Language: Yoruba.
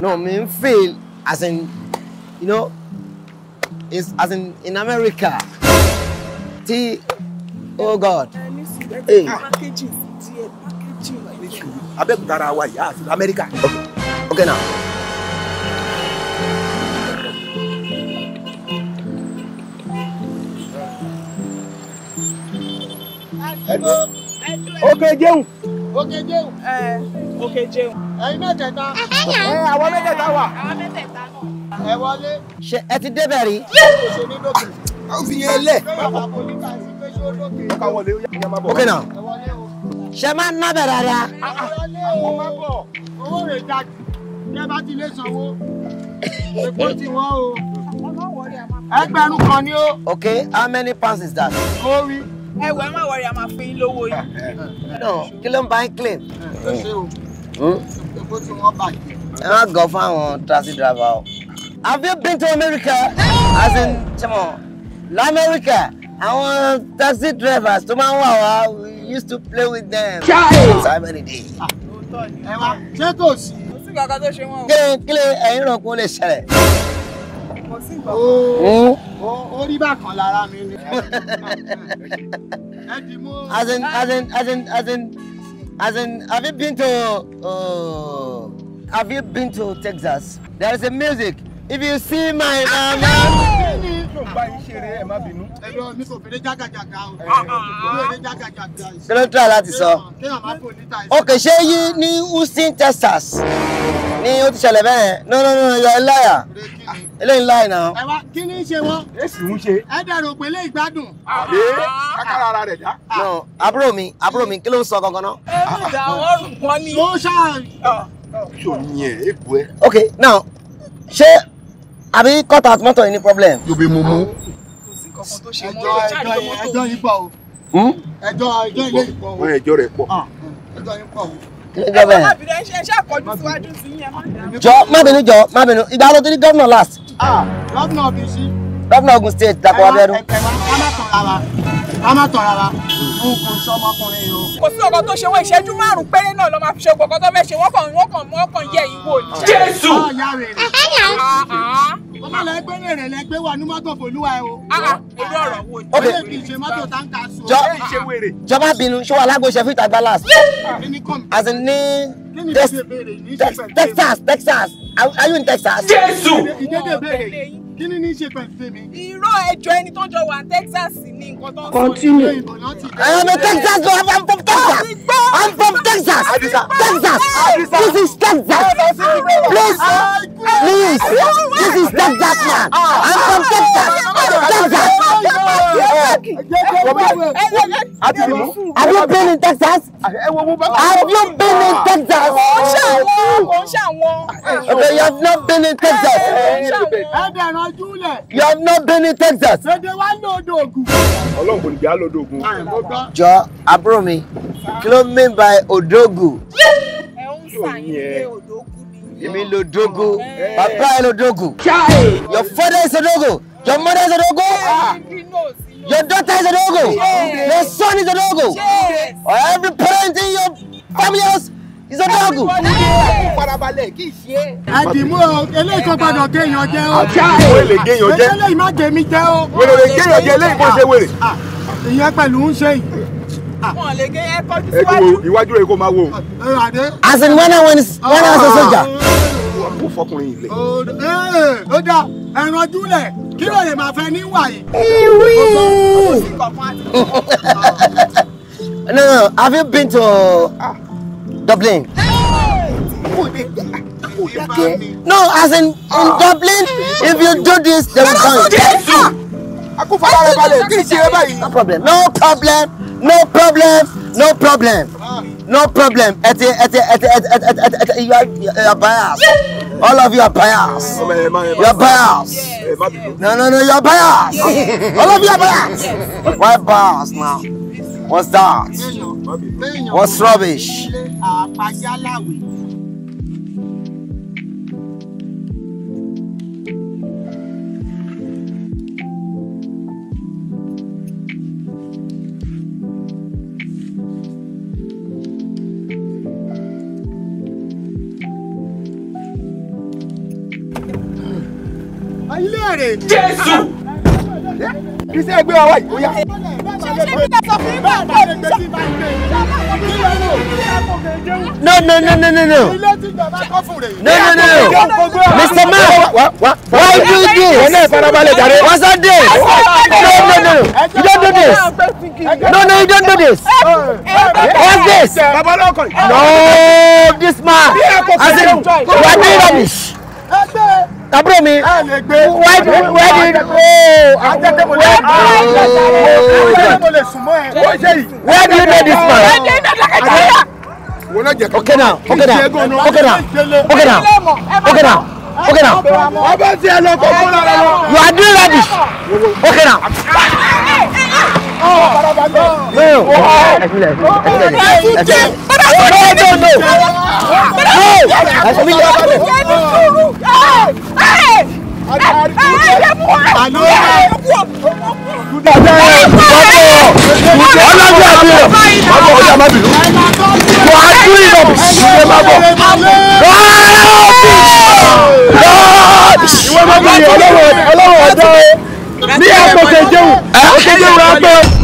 No, I mean fail as in, you know, is as in in America. T, oh God. Hey. I dara wa ya Africa America. Okay, okay now. Okay, Joe. Okay, Joe. Uh, eh òkè jẹun. ẹ̀yin mẹ́tẹ̀ẹ̀ta. ẹ àwọn mẹ́tẹ̀ẹ̀ta wà. àwọn mẹ́tẹ̀ẹ̀ta náà. ẹ wọlé. ṣe ẹ ti débẹ̀ rí. ó fi yẹn lẹ̀. ok now. ṣe máa ń nábẹ̀ rárá. owó rẹ̀ dájú bí ẹ bá ti lè sanwó èpo ti wọ́n o. ẹgbẹ̀rún kan ni ó. ok how many pounds is that. ó rí ẹwẹ má wọrí a máa fún yín lówó yìí. kí ló ń bá ń claim epo tí wọ́n bàjẹ́. ẹ taxi driver have you been to America? as in come on, ṣẹ́mọ̀ lamẹ́ríkà àwọn taxi drivers to my ń we used to play with them. sábẹ́rì dé. ẹ wá ṣé kò sí. kò sí kankan tó ṣe wọn o. kílè kílè ẹ̀yin rò kó lè ṣẹlẹ̀. kò sí kankan. Hmm? as in as in as in as in. As in, have you been to, uh, have you been to Texas? There is a music. If you see my mama. Kí ló ń tọ́ Houston, Texas? ní ó ti ṣẹlẹ̀ bẹ́ẹ̀ no no no yọ ẹláyà ah, eléyìí láì náà. ẹ wá kí ni í ṣe wọn. èsì ń ṣe. ẹ dẹrù pé lè gbádùn. àbí kákàrà ara rẹ̀ dá. no àbúrò mi àbúrò mi kí ló ń sọ gangan náà. ẹ ní ìdá wọn ni. mo ṣáà. yóò ní ẹ èbú ẹ. ok now ṣé àbí cut out mọ́tò yìí ní problem. yóò bí mo mú. kò sí yìí pọ̀ o. Hmm? ẹjọ́ ẹjọ́ ilé ìpọ̀ o. ẹjọ́ rẹ̀ pọ̀. Ah, ẹjọ́ yìí pọ̀ o kí ló jẹ́ bẹ́ẹ̀. jọ má bínú jọ má bínú ìgbà ló ti rí gómìnà last. gómìnà ọ̀gbìn sí. gómìnà Ògùn state Dàpọ̀ Abíọ́dún. ẹ wá ká má tọ̀ rárá ká má o. kò sí ọkọ tó ṣe wọn ìṣẹ́jú márùn-ún péré náà ló máa fi ṣe ọkọ̀ tó fẹ́ ṣe wọ́n kàn wọ́n kàn yẹ ìwò. Jésù. ọ̀ọ́ ah, yára rẹ̀ má ah, ah, ọ̀rọ̀ bínú ṣé wà lágbo ṣe fìtà gbalas. as in ní Texas Texas are you in Texas. Jésù. ìdédé ní ṣe pẹ̀lú mi. irọ́ ẹjọ́ ẹni tó jọ wà Texas ni nǹkan tó ń sọ. continue. I am Texas boy I from Texas I from Texas Texas this is Texas please please. Texas ah. man. Ah. I'm from Texas. Texas. Have you been in Texas? Ah. Eh, have you been in Texas? Okay, eh, eh, oh. you have not been in Texas. You have not been in Texas. Ọlọ́run kò ní gbà lọ́dọ̀ ogun. Jọ àbúrò mi, by Odogu? Ẹ ń sàn yín Odogu èmi lo dogo Papa ẹ lo dogo your father is a dogo your mother is a dogo ah. your daughter is a dogo your son is a dogo oh, every parent in your family house is a dogo. farabalẹ̀ kì í ṣe. àdìmú o o. wọ́n lè géèyàn jẹ́. eléyìí má jẹ́ mi jẹ́ o. wèrè lè géèyàn jẹ́ eléyìí bó ṣe wèrè. Ah, ìyẹn pẹ̀lú ń ṣe iwájú rẹ kó máa wò. as in when I was when I was a soldier. kó fọkùnrin yìí lẹ. ó dà ẹran júlẹ̀ kí ló lè máa fẹ́ níwà yìí. no no have you been to ah, Dublin. no as in in ah. Dublin if you do this they will come. Ah! no problem no problem no problem no problem no problem ete ete ete ete ete ete you are you are bias. all of you are bias. you are bias. no no no you are bias. all of you are bias. why bias now what's that what's rubbish. ilé rẹ̀. jésù. iṣẹ́ ẹgbẹ́ wa wáyé oya. No no no no no no. No no no no. Mr. Man, why do this? What's that this? No no no You don't do this. No no you don't do this. What's this? No, this man. I said, what are you rubbish? àbúrò mi wáìdì wáìdì where do you know this man. okay now okay now okay now okay now okay now okay now. ọba ti ẹ lọ kó kó lára lọ. you are doing rubbish okay now. No. No. No. No. má bínú wà á dúró ìlọbì ìwé má bọ̀ ìwé má bọ̀ ọlọ́wọ́ I'm ọ̀dọ́ ní ẹ̀kọ́ kejì ẹ̀kọ́ kejì ẹ̀kọ́